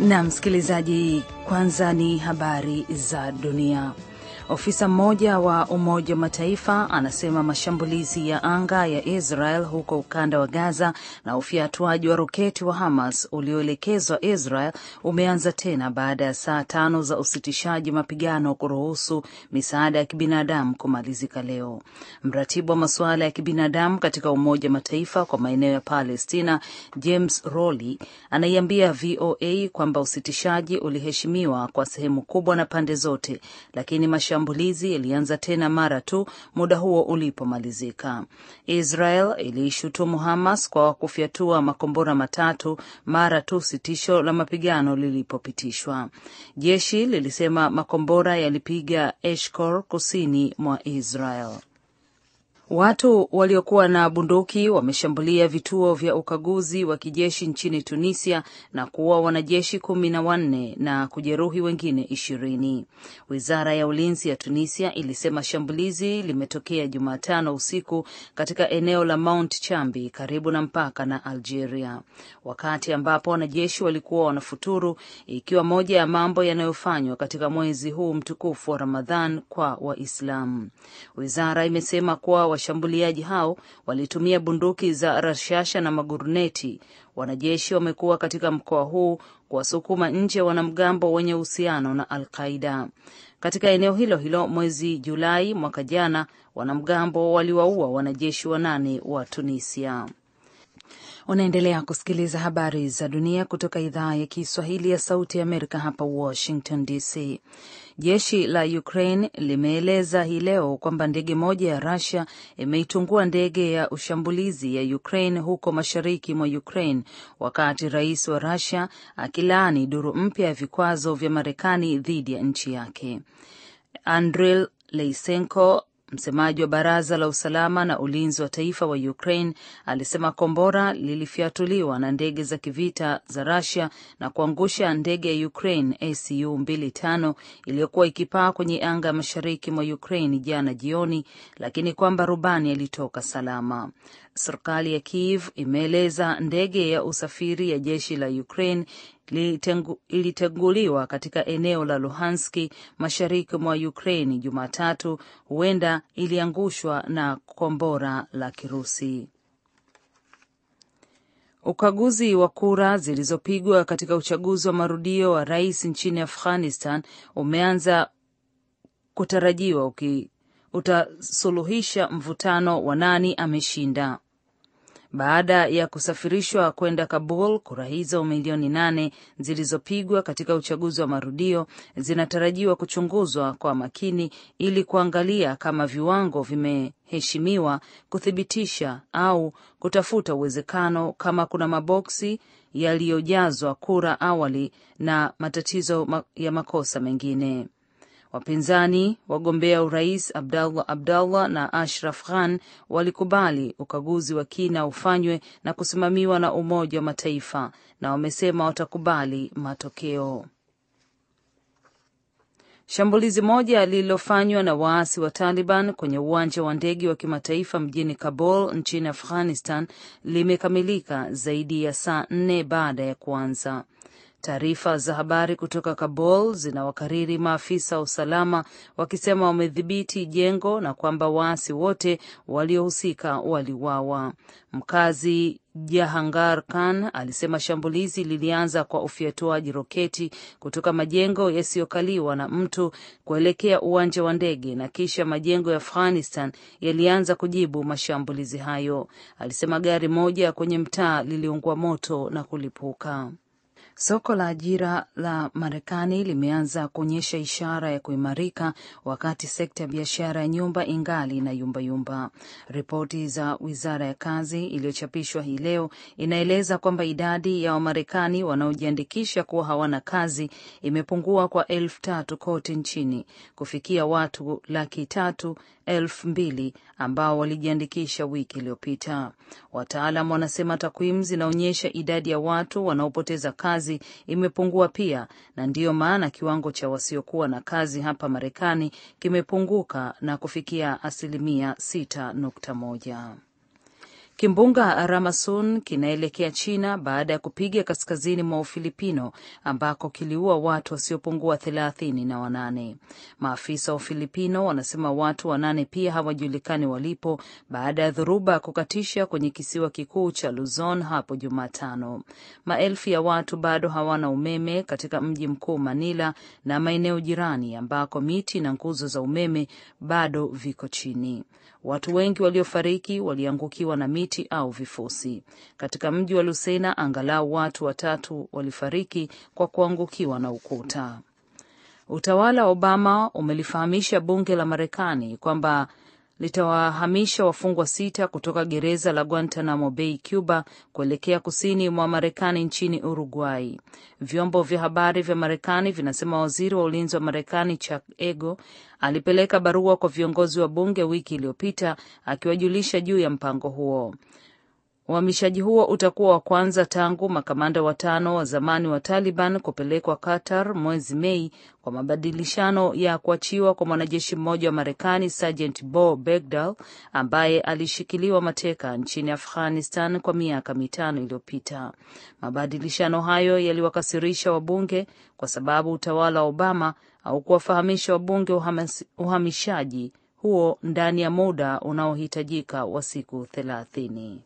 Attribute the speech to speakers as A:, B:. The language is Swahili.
A: Na msikilizaji, kwanza ni habari za dunia. Ofisa mmoja wa Umoja wa Mataifa anasema mashambulizi ya anga ya Israel huko ukanda wa Gaza na ufiatuaji wa roketi wa Hamas ulioelekezwa Israel umeanza tena baada ya saa tano za usitishaji mapigano kuruhusu misaada ya kibinadamu kumalizika leo. Mratibu wa masuala ya kibinadamu katika Umoja wa Mataifa kwa maeneo ya Palestina, James Roly, anaiambia VOA kwamba usitishaji uliheshimiwa kwa sehemu kubwa na pande zote, lakini masha mashambulizi yalianza tena mara tu muda huo ulipomalizika. Israel iliishutumu Hamas kwa kufyatua makombora matatu mara tu sitisho la mapigano lilipopitishwa. Jeshi lilisema makombora yalipiga eshkor kusini mwa Israel. Watu waliokuwa na bunduki wameshambulia vituo vya ukaguzi wa kijeshi nchini Tunisia na kuua wanajeshi kumi na wanne na kujeruhi wengine ishirini. Wizara ya ulinzi ya Tunisia ilisema shambulizi limetokea Jumatano usiku katika eneo la Mount Chambi karibu na mpaka na Algeria, wakati ambapo wanajeshi walikuwa wanafuturu, ikiwa moja ya mambo yanayofanywa katika mwezi huu mtukufu wa Ramadhan kwa Waislamu. Wizara imesema kuwa washambuliaji hao walitumia bunduki za rashasha na maguruneti. Wanajeshi wamekuwa katika mkoa huu kuwasukuma nje wanamgambo wenye uhusiano na Al-Qaida. Katika eneo hilo hilo mwezi Julai mwaka jana, wanamgambo waliwaua wanajeshi wanane wa Tunisia. Unaendelea kusikiliza habari za dunia kutoka idhaa ya Kiswahili ya Sauti ya Amerika hapa Washington DC. Jeshi la Ukraine limeeleza hii leo kwamba ndege moja ya Russia imeitungua ndege ya ushambulizi ya Ukraine huko mashariki mwa Ukraine, wakati rais wa Russia akilaani duru mpya ya vikwazo vya Marekani dhidi ya nchi yake. Andriy Leisenko Msemaji wa baraza la usalama na ulinzi wa taifa wa Ukraine alisema kombora lilifyatuliwa na ndege za kivita za Russia na kuangusha ndege ya Ukraine ACU 25 iliyokuwa ikipaa kwenye anga ya mashariki mwa Ukraine jana jioni, lakini kwamba rubani alitoka salama. Serikali ya Kiev imeeleza ndege ya usafiri ya jeshi la Ukraine ilitenguliwa katika eneo la Luhanski mashariki mwa Ukraini Jumatatu, huenda iliangushwa na kombora la Kirusi. Ukaguzi wa kura zilizopigwa katika uchaguzi wa marudio wa rais nchini Afghanistan umeanza kutarajiwa uki utasuluhisha mvutano wa nani ameshinda baada ya kusafirishwa kwenda Kabul. Kura hizo milioni nane zilizopigwa katika uchaguzi wa marudio zinatarajiwa kuchunguzwa kwa makini ili kuangalia kama viwango vimeheshimiwa, kuthibitisha au kutafuta uwezekano kama kuna maboksi yaliyojazwa kura awali na matatizo ya makosa mengine. Wapinzani wagombea urais Abdallah Abdallah na Ashraf Ghan walikubali ukaguzi wa kina ufanywe na kusimamiwa na Umoja wa Mataifa na wamesema watakubali matokeo. Shambulizi moja lililofanywa na waasi wa Taliban kwenye uwanja wa ndege wa kimataifa mjini Kabul nchini Afghanistan limekamilika zaidi ya saa nne baada ya kuanza. Taarifa za habari kutoka Kabul zinawakariri maafisa wa usalama wakisema wamedhibiti jengo na kwamba waasi wote waliohusika waliuawa. Mkazi Jahangar Khan alisema shambulizi lilianza kwa ufyatuaji roketi kutoka majengo yasiyokaliwa na mtu kuelekea uwanja wa ndege na kisha majengo ya Afghanistan yalianza kujibu mashambulizi hayo. Alisema gari moja kwenye mtaa liliungwa moto na kulipuka. Soko la ajira la Marekani limeanza kuonyesha ishara ya kuimarika, wakati sekta ya biashara ya nyumba ingali na yumbayumba. Ripoti za wizara ya kazi iliyochapishwa hii leo inaeleza kwamba idadi ya Wamarekani wanaojiandikisha kuwa hawana kazi imepungua kwa elfu tatu kote nchini kufikia watu laki tatu elfu mbili ambao walijiandikisha wiki iliyopita. Wataalam wanasema takwimu zinaonyesha idadi ya watu wanaopoteza kazi kazi imepungua pia, na ndiyo maana kiwango cha wasiokuwa na kazi hapa Marekani kimepunguka na kufikia asilimia 6.1. Kimbunga Ramasun kinaelekea China baada ya kupiga kaskazini mwa Ufilipino ambako kiliua watu wasiopungua thelathini na wanane. Maafisa wa Ufilipino wanasema watu wanane pia hawajulikani walipo baada ya dhoruba kukatisha kwenye kisiwa kikuu cha Luzon hapo Jumatano. Maelfu ya watu bado hawana umeme katika mji mkuu Manila na maeneo jirani ambako miti na nguzo za umeme bado viko chini. Watu wengi waliofariki waliangukiwa na miti au vifusi. Katika mji wa Lusena, angalau watu watatu walifariki kwa kuangukiwa na ukuta. Utawala wa Obama umelifahamisha bunge la Marekani kwamba litawahamisha wafungwa sita kutoka gereza la Guantanamo Bay, Cuba, kuelekea kusini mwa Marekani nchini Uruguay. Vyombo vya habari vya Marekani vinasema waziri wa ulinzi wa Marekani Chuck Ego alipeleka barua kwa viongozi wa bunge wiki iliyopita akiwajulisha juu ya mpango huo. Uhamishaji huo utakuwa wa kwanza tangu makamanda watano wa zamani wa Taliban kupelekwa Qatar mwezi Mei kwa mabadilishano ya kuachiwa kwa mwanajeshi mmoja wa Marekani, Sergeant Bo Begdal, ambaye alishikiliwa mateka nchini Afghanistan kwa miaka mitano iliyopita. Mabadilishano hayo yaliwakasirisha wabunge kwa sababu utawala wa Obama haukuwafahamisha wabunge uhamishaji huo ndani ya muda unaohitajika wa siku thelathini.